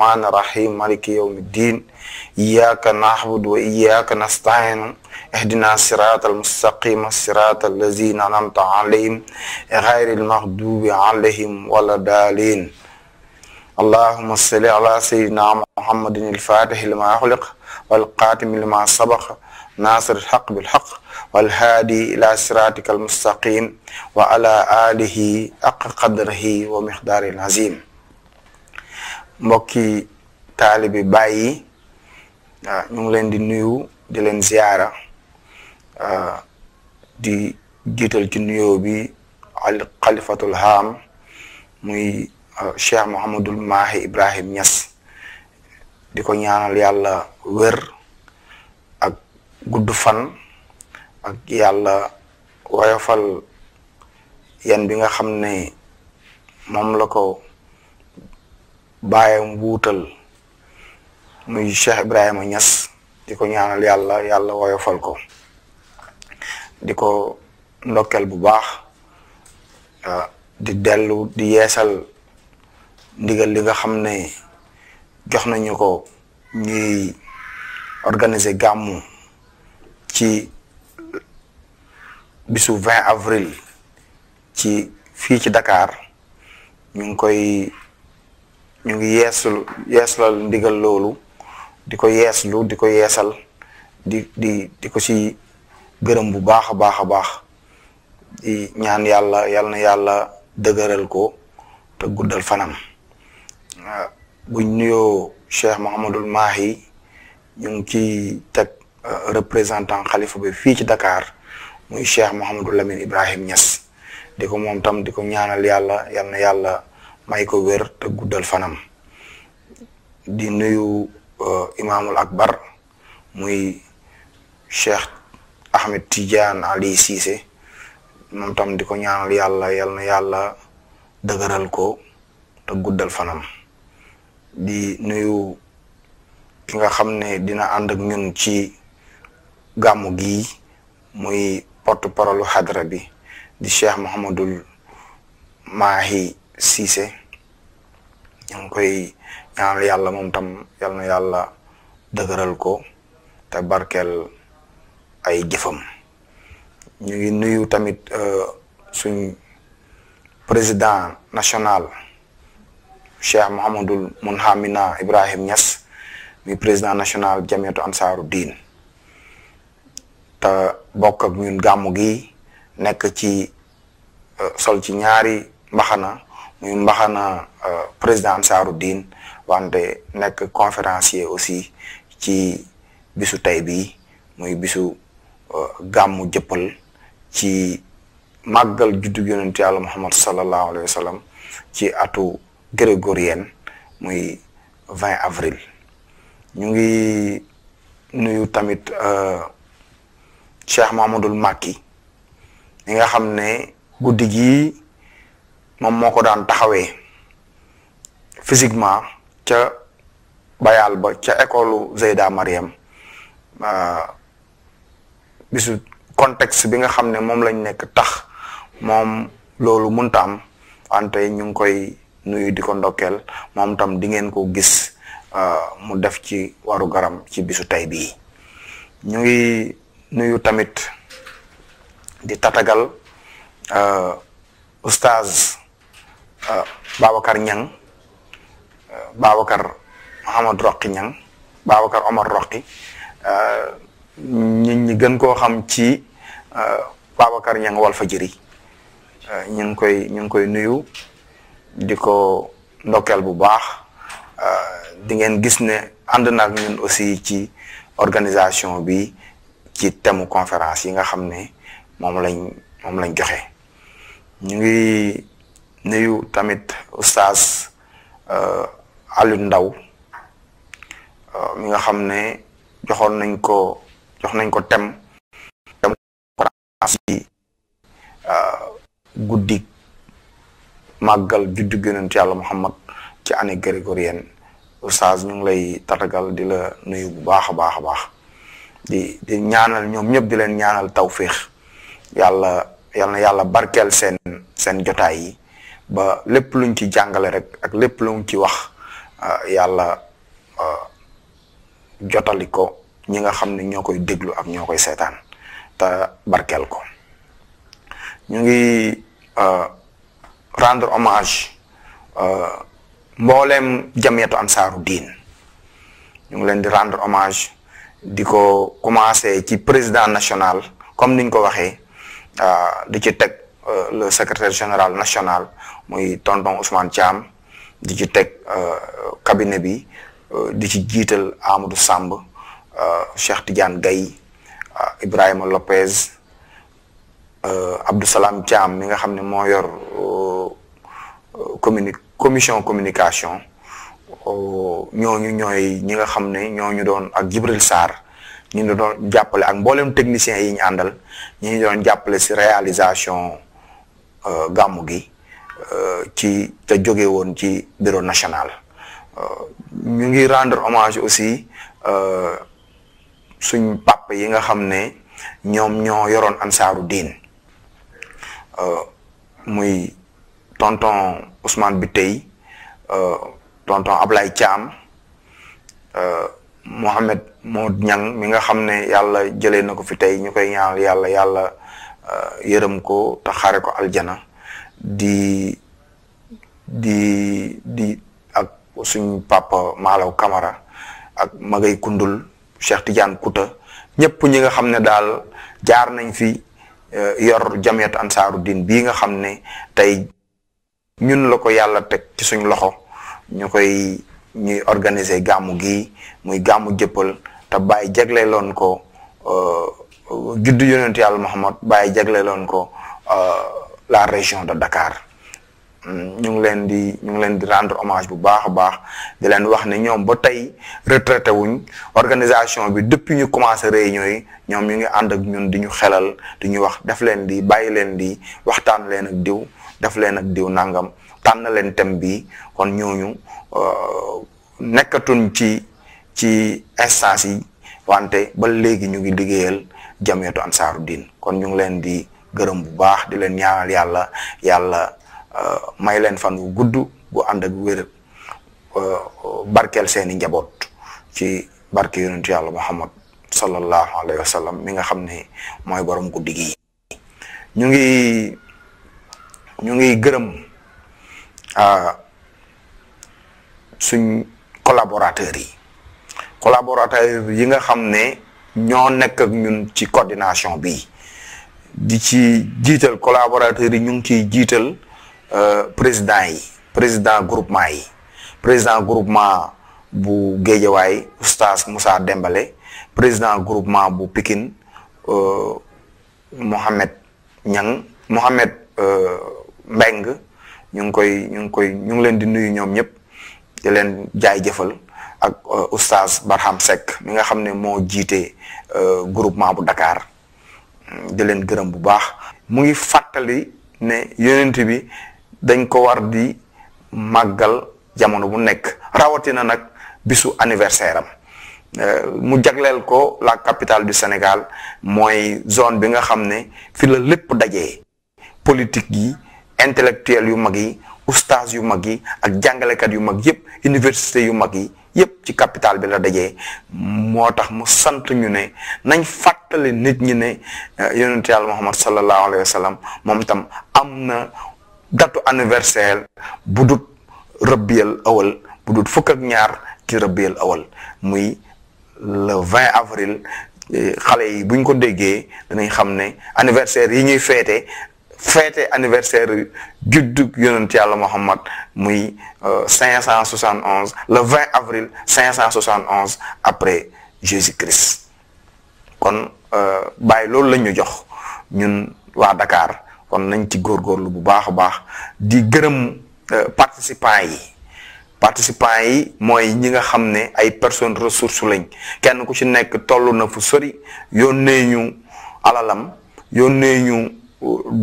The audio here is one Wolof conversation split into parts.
rahman rahim maliki yawmi ddin iyyaka na'budu wa iyyaka nasta'in ihdina siratal mustaqima siratal lazina an'amta alayhim ghayril maghdubi alayhim wala dalin allahumma salli ala sayyidina muhammadin al-fatihi lima ughliq wal qatimi lima sabaq nasir al-haq bil haq والهادي إلى صراطك المستقيم وعلى آله أق قدره ومقداره العظيم mbokki taalibi baay yi waaw ah, ñu ngi leen di nuyu di leen ziyaara ah, di jiital ci nuyoo bi al haam muy ah, cheikh Mouhamadul Mahi Ibrahim Niass di ko ñaanal yàlla wér ak gudd fan ak yàlla woyofal yan bi nga xam ne moom la ko baayam wuutal muy Cheikh Ibrahima Niass di ko ñaanal yàlla yàlla woyofal ko di ko ndokkel bu baax di dellu di yeesal ndigal li nga xam ne jox nañu ko ñuy organiser gàmmu ci bisu 20 avril ci fii ci dakaar ñu koy ñu ngi yeesul yeeslal ndigal loolu di ko yeeslu di ko yeesal di di di ko ci gërëm bu baax a baax a baax ñaan yàlla yal na yàlla dëgëral ko te guddal fanam ah, buñ nuyoo Cheikh Mouhamadul Mahi ñu ngi ci teg ah, représentant xalifa bi fii ci Dakar muy Cheikh Mouhamadul Lamine Ibrahim Niass di ko moom tam di ko ñaanal yàlla yal na yàlla may ko wér te guddal fanam di nuyu euh, imaamul akbar muy cheikh Ahmed Tidiane Ali sise moom tam di ko ñaanal yàlla yal na yàlla dëgëral ko te guddal fanam di nuyu ki nga xam ne dina ànd ak ñun ci gàmmu gi muy port parole xadra bi di cheikh Mouhamadul Mahi Cissé ñu ngi koy ñaanal yàlla moom tam yal yàlla dëgëral ko te barkeel ay jëfam ñu ngi nuyu tamit euh, suñ président national Cheikh Mouhamadul Munhamina Ibrahim Niass mi président national Jamiatu Ansaaru Diin te bokk ak ñun gàmmu gi nekk ci euh, sol ci ñaari mbaxana muy mbaxana euh, président Ansaaru Diin wante nekk conférencier aussi ci bisu tey bi muy bisu euh, gàmmu jëppal ci màggal juddu yonent yàlla Muhammad sallallahu alayhi wa sallam ci atu grégorien muy 20 avril ñu ngi nuyu tamit euh, Cheikh Mamadul Makki ñi nga xam ne guddi gi moom moo ko daan taxawee physiquement ca bayal ba ca école Zeyda Mariam euh, bisu contexte bi nga xam ne moom lañ nekk tax moom loolu mënta am wante ñu ngi koy nuyu di ko ndokkeel moom tam di ngeen ko gis euh, mu def ci waru garam ci bisu tey bii ñu ngi nuyu tamit di tatagal euh, oustaz Euh, Babacar Ñang euh, Babacar Mohamad Roqi Ñang Babacar Omar Roqi nit euh, ñi gën koo xam ci Babacar Ñang Walfadjri ñu ngi koy ñu ngi koy nuyu di ko ndokkeel bu baax di ngeen gis ne ànd naag ñun aussi ci organisation bi ci temu conférence yi nga xam ne moom lañ moom lañ joxe ñu nuyu tamit oustaz euh, Alioune ndaw euh, mi nga xam ne joxoon nañ ko jox nañ ko tem tem conférence bi euh, guddi màggal juddu yonent yàlla Muhammad ci année grégorienne oustaz ñu ngi lay tatagal di la nuyu bu baax a baax a baax di di ñaanal ñoom ñëpp di leen ñaanal tawféex yàlla yal yàlla barkeel seen seen jotaay yi ba lépp luñ ci jàngale rek ak lépp luñ ci wax ah, yàlla ah, jotali ko ñi nga xam ne ñoo koy déglu ak ñoo koy seetaan te barkeel ko ñu ngi ah, rendre hommage mbooleem jamiyatu ansaaru diin ñu ngi leen di rendre hommage di ko commencé ci président national comme niñ ko waxee di ci teg Euh, le secretaire général national muy tonton Ousmane Thiam di ci teg euh, cabinet bi euh, di ci jiital Amadou sàmb Cheikh Tidiane Gaye Ibrahima Lopez Abdou Salam Thiam mi nga xam ne moo yor communi commission communication ñooñu ñooy ñi nga xam ne ñooñu doon ak Jibril Sarr ñu doon jàppale ak mboolem techniciens yi ñu àndal ñu doon jàppale si réalisation Euh, gàmmu gi euh, ci te jóge woon ci bureau national euh, ñu ngi rendre hommage aussi suñ papa yi nga xam ne ñoom ñoo yoroon ansaaru diin muy tonton Ousmane Bitey tonton Ablaye Thiam Mohamed Mod Ñang mi nga xam ne yàlla jëlee na ko fi tey ñu koy ñaanal yàlla yàlla yërëm ko te xaare ko aljana di di di ak suñ papa Malaw kamara ak Magay Kundul Cheikh Tidiane Kouta ñëpp ñi nga xam ne daal jaar nañ fi eh, yor jamiyat ansaaru diin bii nga xam ne tey ñun la ko yàlla teg ci suñ loxo ñu koy ñuy organiser gàmmu gi muy gàmmu jëppal te bàyyi loon ko eh, juddu yonent yàlla baay Baye loon ko euh, la région de Dakar mm, ñu ngi leen di ñu ngi leen di rendre hommage bu baax a baax di leen wax ne ñoom ba tey retraité wuñ organisation bi dëpp ñu commencé réunion yi ñoom ñu ngi ànd ak ñun di ñu xelal di ñu wax def leen di bàyyi leen di waxtaan leen ak diw def leen ak diw nangam tànn leen thème bi kon ñooñu euh, nekkatuñ ci ci instance yi wante ba léegi ñu ngi liggéeyal. jamiyatu ansaaru diin kon ñu ngi leen di gërëm bu baax di leen ñaanal yàlla yàlla uh, may leen fan wu gudd bu ànd ak wér uh, barkeel seeni njaboot ci barke yonentu yàlla Muhammad sallallahu alayhi mi nga xam ne mooy borom guddi gi ñu ngi ñu ngi gërëm uh, suñ collaborateurs yi collaborateurs yi nga xam ne ñoo nekk ak ñun ci coordination bi di ci jiital collaborateurs yi ñu ngi ciy jiital euh, président yi président groupement yi président groupement bu géejewaay oustaz Moussa Dembale président groupement bu Pikine euh, Mohamed Ñang Mohamed euh, Mbeng ñu ngi koy ñu ngi koy ñu ngi leen di nuyu ñoom ñëpp di leen jaay jëfal ak euh, oustaz Barham Seck mi nga xam ne moo jiite euh, groupement bu dakaar mm, di leen gërëm bu baax mu ngi fàttali ne yonent bi dañ ko war di màggal jamono bu nekk rawatina nag bisu anniversaire am euh, mu jagleel ko la capitale du Sénégal mooy zone bi nga xam ne fi la lépp dajee politique yi intellectuel yu mag yi oustaz yu mag yi ak jàngalekat yu mag yépp université yu mag yi yépp ci capital bi la dajee moo tax mu sant ñu ne nañ fàttali nit ñi ne euh, yonente yàlla muhammad sallallahu alayhi wa moom tam am na datu anniversaire bu dut rëbbiyal awal bu dut fukk ak ñaar ci rëbbiyal awal muy le 20 avril xale yi buñ ko déggee danañ xam ne anniversaire yi ñuy feete feete anniversaire juddug yonent yàlla Muhammad muy 571 euh, le 20 avril 571 après Jésus-Christ kon euh, bàyyi loolu lañ ñu jox ñun waa Dakar kon nañ ci góor góorlu bu baax a baax di gërëm euh, participants yi participants yi mooy ñi nga xam ne ay personnes ressources lañ kenn ku ci nekk toll na fu sori yónnee ñu alalam yónnee ñu.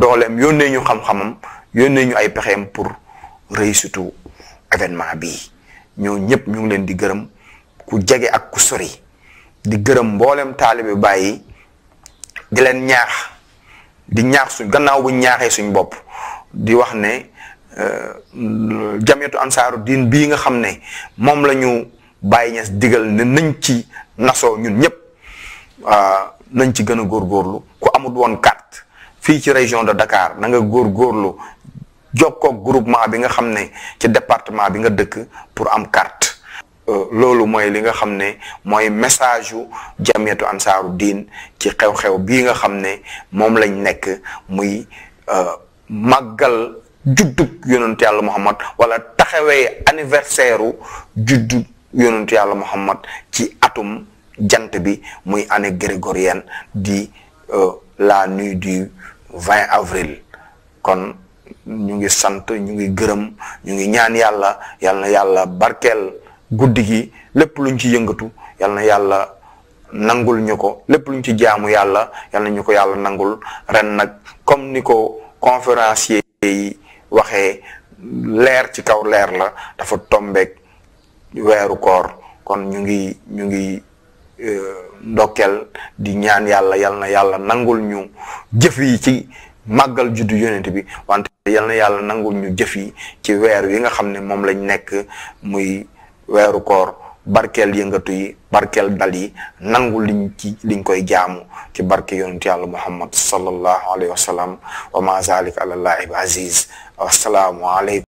dooleem yónnee ñu xam-xamam yónnee ñu ay pexeem pour réussite événement bi ñoo ñëpp ñu ngi leen di gërëm ku jege ak ku sori di gërëm mboolem taalibe bàyyi di leen ñaax di ñaax suñ gannaaw bu ñaaxee suñ bopp di wax ne euh, jamiyatu ansaaru diin bii nga xam ne moom lañu bàyyi ñes digal ne nañ ci nasoo ñun ñëpp nañ ci gën a góorgóorlu ku amut woon carte fii ci région de Dakar na nga góorlu jokkoog groupement bi nga xam ne ci département bi nga dëkk pour am carte euh, loolu mooy li nga xam ne mooy message yu jamiyatu ansaaru diin ci xew-xew bii nga xam ne moom lañ nekk muy euh, màggal juddug yonentu yàlla Muhammad wala taxawee anniversaire u juddug yonentu yàlla Muhammad ci atum jant bi muy année grégorienne di euh, la nuit du 20 avril kon ñu ngi sant ñu ngi gërëm ñu ngi ñaan yàlla yàlla na yàlla barkeel guddi gi lépp luñ ci yëngatu yàlla na yàlla nangul ñu ko lépp luñ ci jaamu yàlla yàlla na ñu ko yàlla nangul ren nag comme ni ko conférencier yi waxee leer ci kaw leer la dafa tombeek weeru koor kon ñu ngi ñu ngi euh, ndokkeel di ñaan yàlla yàlla na yàlla nangul ñu jëf yi ci màggal juddu yonent bi wante yal na yàlla nangul ñu jëf yi ci weer yi nga xam ne moom lañ nekk muy weeru koor barkeel yëngatu yi barkeel dal yi nangu liñ ci liñ koy jaamu ci barke yonent yàlla muhammad sallallahu alayhi wa sallam wa ma zalik ala llahi bi aziz wassalaamu aleykum